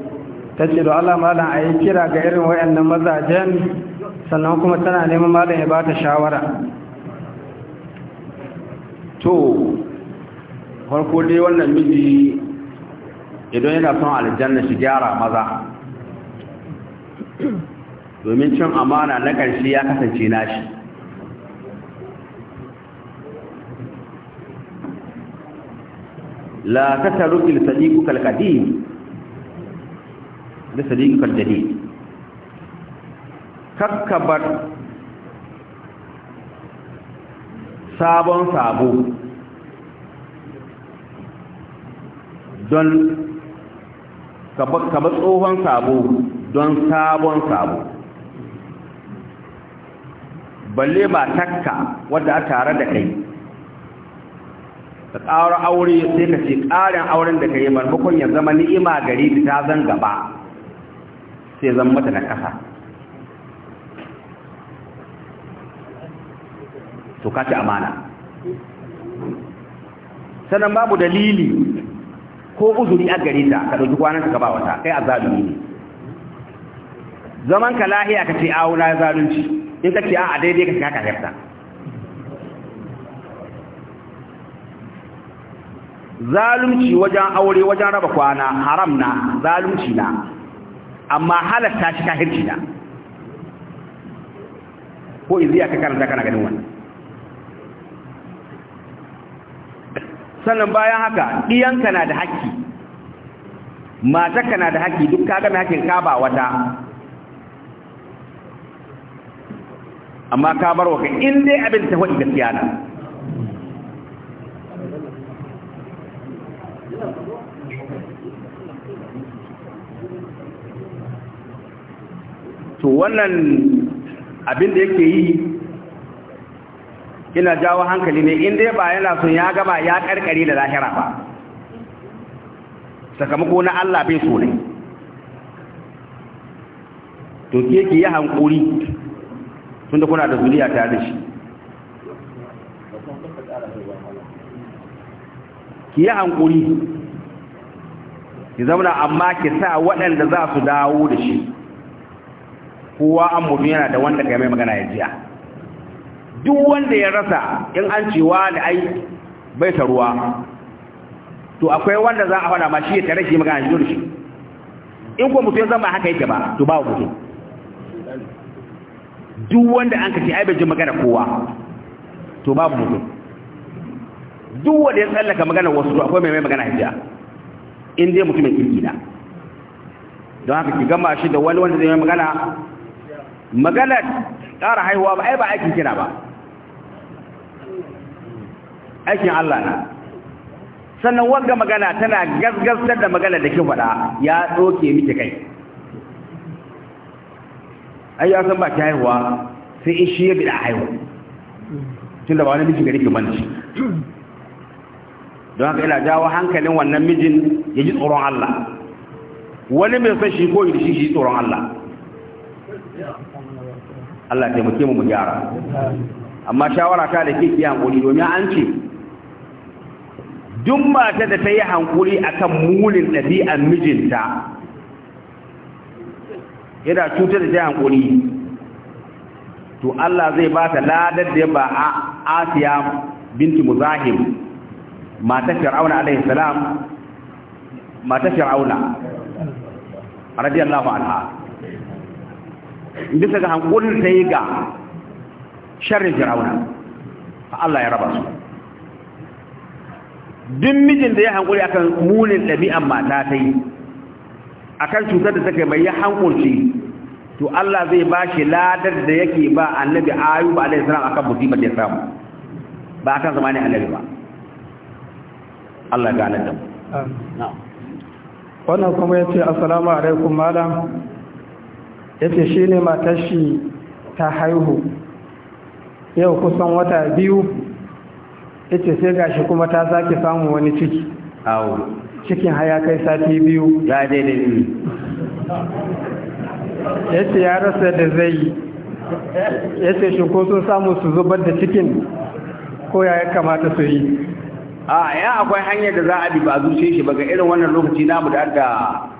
ta ce da Allah malam a yi kira ga irin wayannan mazajen sannan kuma tana neman malam ya ba ta shawara to farko dai wannan miji idan yana son aljanna shi gyara maza domin cin amana na ƙarshe ya kasance nashi la tataruki li sadiqika al-qadim kakkabar sabon sabo don kaba tsohon sabo don sabon sabo balle ba takka wadda a tare da kai ka ƙara aure sai ka ce ƙarin auren da ka yi marmakon ya zama ni'ima gari ta zan gaba sai zan mata na ƙasa to ka ci amana sannan babu dalili ko uzuri a gari ta ka ɗauki kwanan ka ba wata kai a zaɓi ne zaman ka lahiya ka ce awo na zalunci in ka ce a daidai ka ka yarta zalunci wajen aure wajen raba kwana haram na zalunci na amma halatta shi kahirci na ko ya ka karanta kana ganin wani sannan bayan haka ɗiyanka na da haƙƙi matarka na da haƙƙi duk kaga mai haƙƙin ka ba wata amma ka bar wa in dai abin ta faɗi gaskiya na to wannan abin da yake yi ina jawo hankali ne in dai ba yana son ya gaba ya karkare da lahira ba sakamako na Allah bai so ne to ke ki yi hankuri tunda kuna da zuriya tare da shi ki yi hankuri ki zauna amma ki sa waɗanda za su dawo da shi kowa an mutum yana da wanda kai mai magana ya jiya duk wanda ya rasa in an cewa da ai bai ta ruwa to akwai wanda za a faɗa ma shi ya tare shi magana shi da shi in ko mutum zama haka yake ba to ba mutum duk wanda an kashe ce ai bai ji magana kowa to babu mutum duk wanda ya tsallaka magana wasu akwai mai mai magana hijja in dai mutumin kirki na don haka ki gama shi da wani wanda zai mai magana magana ƙara haihuwa ba ai ba aikin kira ba aikin Allah na sannan wanga magana tana gasgasar da magana da ke faɗa ya tsoke miki kai ai ya san ba ki haihuwa sai in shi ya bi da haihuwa tunda ba wani miji gari ki manci don haka yana jawo hankalin wannan mijin ya ji tsoron Allah wani mai son shi ko yi shi shi tsoron Allah Allah taimake mu mu gyara amma shawara ta da ke hankuli domin an ce duk mata da ta yi hankuri akan mulin ɗabi'an mijinta yana cutar da ta yi hankuli, to Allah zai ba ta ladar da ba a Asiya binti Muzahim mata fir'auna alaihi salam mata fir'auna radiyallahu anha bisa ga hankulin ta yi ga sharrin fir'auna Allah ya raba su duk mijin da ya hankuli akan munin ɗabi'an mata ta yi akan cutar da take mai ya hankulci to Allah zai ba shi ladar da yake ba annabi ayuba alaihi salam akan musibar da ya samu ba akan zamanin annabi ba Allah gane da wannan kuma ya ce assalamu alaikum malam ya ce shi ne matashi ta haihu yau kusan wata biyu ya ce sai gashi kuma ta sake samun wani ciki cikin haya kai sati biyu ya daidai ya ce ya rasa da zai yi ya ce shi ko sun samu su zubar da cikin ko ya kamata su yi a ya akwai hanyar da za a bi ba a zuce shi ba ga irin wannan lokaci namu da aka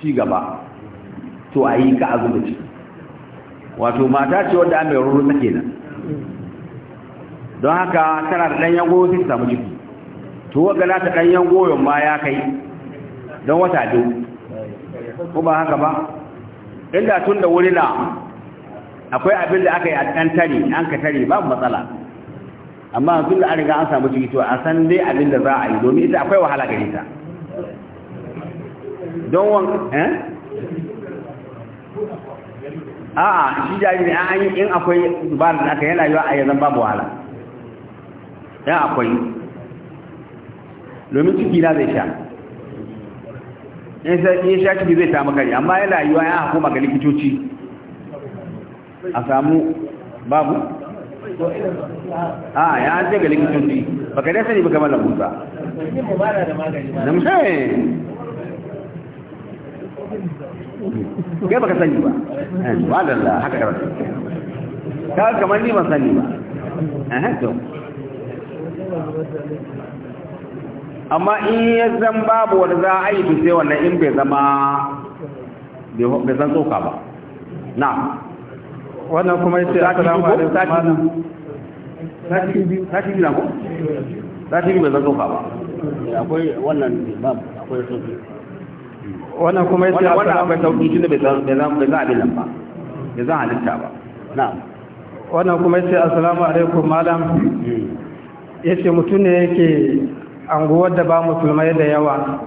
ci gaba to a yi ka a wato mata ce wadda mai ruru take nan don haka tana da ɗanyen goyo sai ta samu jiki to wa gana ta ɗanyen goyon ma ya kai don wata biyu ko ba haka ba inda tun da wuri na akwai abin da aka yi a ɗan tare an ka tare babu matsala amma tun da an riga an samu ciki to a san dai abin da za a yi domin ita akwai wahala gare ta don wan eh a'a shi jariri an yi in akwai dubarar da aka yana yiwa a yanzu babu wahala ya akwai domin ciki na zai sha in sai sha ciki zai samu kare amma yana yiwa ya hako ga likitoci a samu babu a ya an ce ga likitoci ba ka dasa ne ba kamar labuta da musamman kai baka sani ba walalla haka karatu ka kamar ni ba sani ba eh to amma in ya zan babu wanda za a yi sai wannan in bai zama bai san tsoka ba na wannan kuma yace assalamu alaikum sati wannan kuma yace wannan akwai sauki wannan kuma yace assalamu alaikum malam hmm. yace mutum ne yake anguwar da ba musulmai da yawa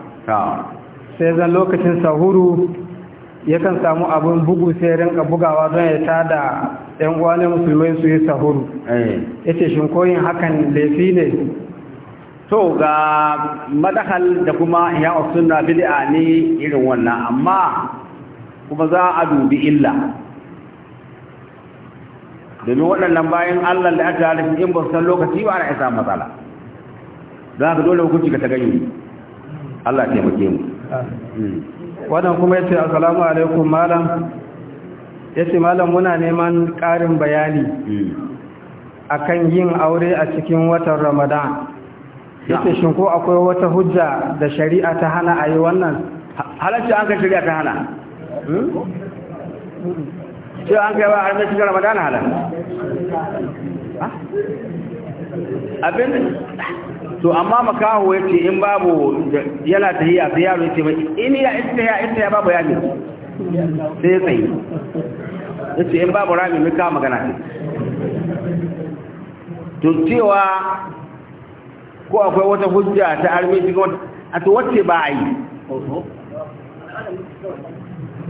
sai zan lokacin sahuru yakan samu abin bugu sai rinka bugawa don ya tada yan uwa na musulmai su yi sahuru eh. yace shi koyin hakan laifi ne to ga madakal da kuma ya sunna bid'a ne irin wannan amma kuma za a dubi illa domin waɗannan bayan Allah da aka halittu in ba lokaci ba ana isa matsala za ka dole hukunci ka ta gani Allah yi mu wannan kuma yace ce assalamu alaikum malam ya ce malam muna neman ƙarin bayani hmm. akan yin aure a cikin watan ramadan ya ce shin ko akwai wata hujja da shari'a ta hana a yi wannan halacci an ka shari'a ta hana ce hmm? an kai ba a cikin ramadan halar abin to amma makaho yace in babu yana tahiya sai yaro yace mai in ya ita ya babu ya ne sai tsayi yace in babu rami mai ka magana ce to cewa ko akwai wata hujja ta arme shi ga a to wacce ba a yi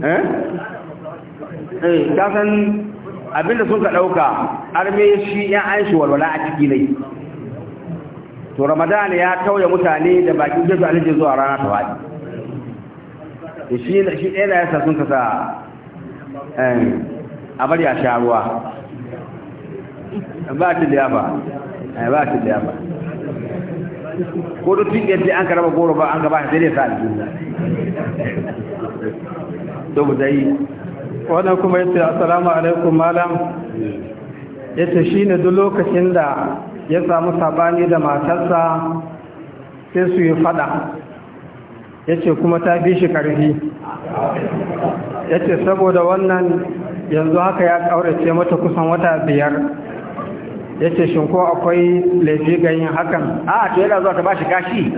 eh eh kasan abinda sun ka dauka arme shi ya aishi walwala a ciki ne to ramadan ya tauye mutane da bakin jesu alhaji zuwa rana ta wadi to shi shi ɗaya da yasa sun kasa eh, a bari a sha ruwa ba ta liyafa eh, ba ta yaba ko duk tun yadda an karaba goro ba an gaba sai dai sa aljihu to mu dai wannan kuma yace assalamu alaikum malam yace shine duk lokacin da ya samu sabani da matarsa sai su yi fada ya ce kuma ta fi shi ƙarfi ya ce saboda wannan yanzu haka ya ƙaurace mata kusan wata biyar ya ce shinko akwai laifi ga yin hakan a a yana zuwa ta ba shi kashi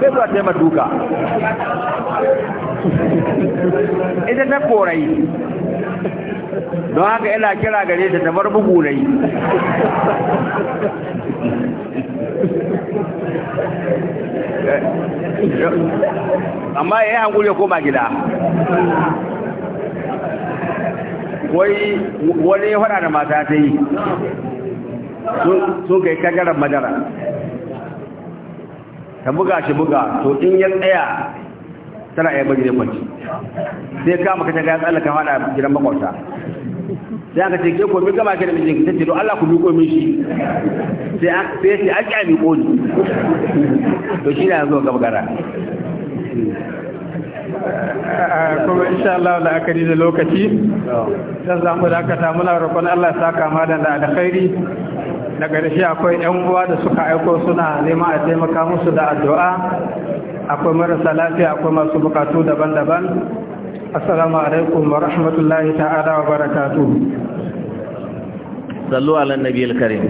sai zuwa ta yi maduka ita ta korai don haka yana kira gare ta tabar bugu rai amma ya yi hankuli ya koma gida wani ya faɗa da mata ta yi sun kai kagarar madara ta buga shi buga to in ya tsaya tana ya bari da kwanci sai kama ka ga Allah kan hada gidan makwabta sai aka ce ke ko mi gama ke da mijin ta ce don Allah ku bi ko shi sai an sai ce yi kyami ko ni to shi ne yanzu ga magana kuma insha Allah da aka da lokaci dan za mu dakata muna roƙon Allah ya saka madan da alkhairi daga da shi akwai yan uwa da suka aiko suna neman a taimaka musu da addu'a akwai marasa lafiya akwai masu bukatu daban-daban assalamu alaikum wa rahmatullahi ta'ala wa barakatu sallu ala nabi al-karim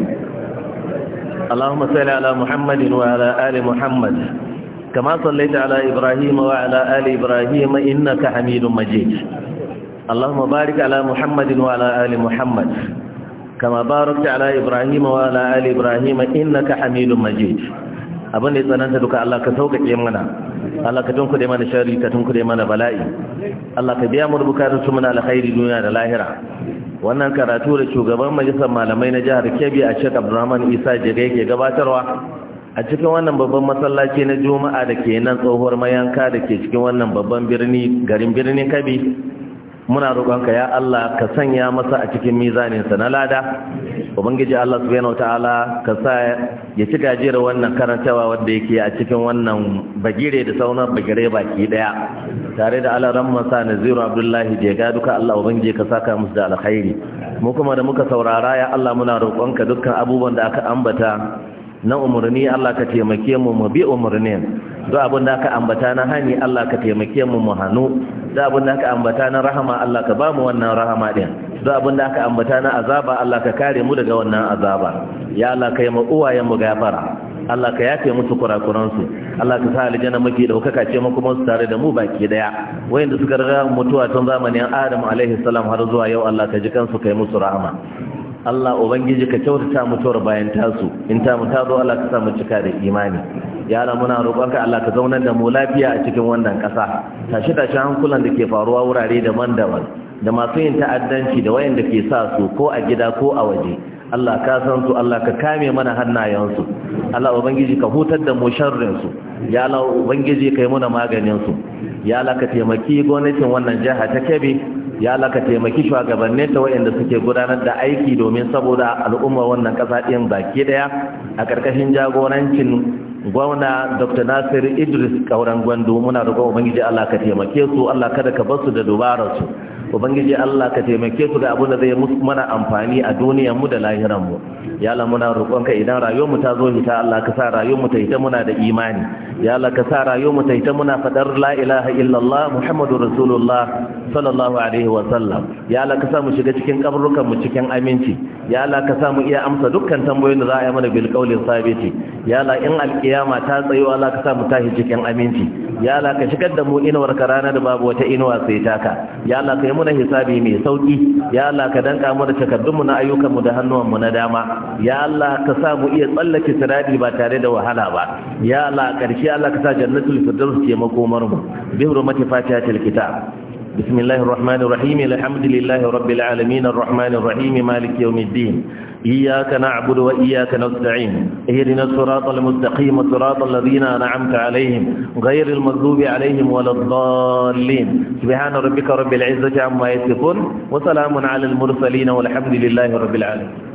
allahumma salli ala muhammadin wa ala ali muhammad كما صليت على إبراهيم وعلى آل إبراهيم إنك حميد مجيد اللهم بارك على محمد وعلى آل محمد كما باركت على إبراهيم وعلى آل إبراهيم إنك حميد مجيد abin da ya tsananta duka Allah ka sauƙaƙe mana Allah ka tunkuɗe mana shari ka tunkuɗe mana bala'i Allah ka biya mu bukatun su muna alkhairi duniya da lahira wannan karatu da shugaban majalisar malamai na jihar Kebbi a Sheikh Abdulrahman Isa Jige ke gabatarwa a cikin wannan babban masallaci na Juma'a da ke nan tsohuwar mayanka da ke cikin wannan babban birni garin birnin Kebbi muna roƙonka ya Allah ka sanya masa a cikin mizaninsa na lada ubangiji Allah subhanahu wataala ka sa ya ci gajiyar wannan karantawa wanda yake a cikin wannan bagire da sauran bagire baki daya tare da alaran masa naziru abdullahi da ga duka Allah ubangiji ka saka musu da alkhairi mu kuma da muka saurara ya Allah muna roƙonka dukkan abubuwan da aka ambata na umarni Allah ka taimake mu mu bi umarnin da abin da aka ambata na hani Allah ka taimake mu mu hanu da abin da aka ambata na rahama Allah ka ba mu wannan rahama din da abin da aka ambata na azaba Allah ka kare mu daga wannan azaba ya Allah kai mu uwayen mu gafara Allah ka yafe musu kurakuran su Allah ka sa aljanna muke da hukaka ce mu kuma su tare da mu baki daya wayanda suka ga mutuwa tun zamanin Adam alaihi salam har zuwa yau Allah ka ji kansu kai musu rahama Allah ubangiji ka kyautata mutuwar bayan tasu in ta mu tazo Allah ka sa mu cika da imani ya Allah muna roƙonka Allah ka zauna da mu lafiya a cikin wannan ƙasa tashi tashi hankulan da ke faruwa wurare daban-daban da masu yin ta'addanci da wayanda ke sa su ko a gida ko a waje Allah ka san su Allah ka kame mana hannayensu Allah ubangiji ka hutar da mu sharrin su ya Allah ubangiji kai muna maganin su ya Allah ka taimaki gwamnatin wannan jiha ta Kebbi ya laka taimaki shugabannin ta wa'anda suke gudanar da aiki domin saboda al'umma wannan kasa ɗin baki ɗaya a ƙarƙashin jagorancin gwamna dr nasir idris kauran gwandu muna roƙon ubangiji allah ka taimake su allah kada ka basu da dubarar ubangiji Allah ka taimake su ga abin da zai mana amfani a duniyar mu da lahiran mu ya Allah muna roƙon ka idan rayuwar mu ta zo hita Allah ka sa rayuwar mu ta hita muna da imani ya Allah ka sa rayuwar mu ta hita muna fadar la ilaha illallah muhammadur rasulullah sallallahu alaihi wa sallam ya Allah ka sa mu shiga cikin kaburukan mu cikin aminci ya Allah ka sa mu iya amsa dukkan tambayoyin da za a yi mana bil qawli sabiti ya Allah in alkiyama ta tsayo Allah ka sa mu tashi cikin aminci ya Allah ka shigar da mu inuwar ka rana da babu wata inuwa sai taka ya Allah ka yi mana hisabi mai sauki ya Allah ka danka mu da mu na ayyukanmu da mu na dama ya Allah ka sa mu iya tsallake sirabi ba tare da wahala ba ya Allah ƙarshe Allah ka sa jannatul firdaus ce makomar mu bi hurmati fatihatil kitab بسم الله الرحمن الرحيم الحمد لله رب العالمين الرحمن الرحيم مالك يوم الدين إياك نعبد وإياك نستعين اهدنا الصراط المستقيم صراط الذين أنعمت عليهم غير المغضوب عليهم ولا الضالين سبحان ربك رب العزة عما يصفون وسلام على المرسلين والحمد لله رب العالمين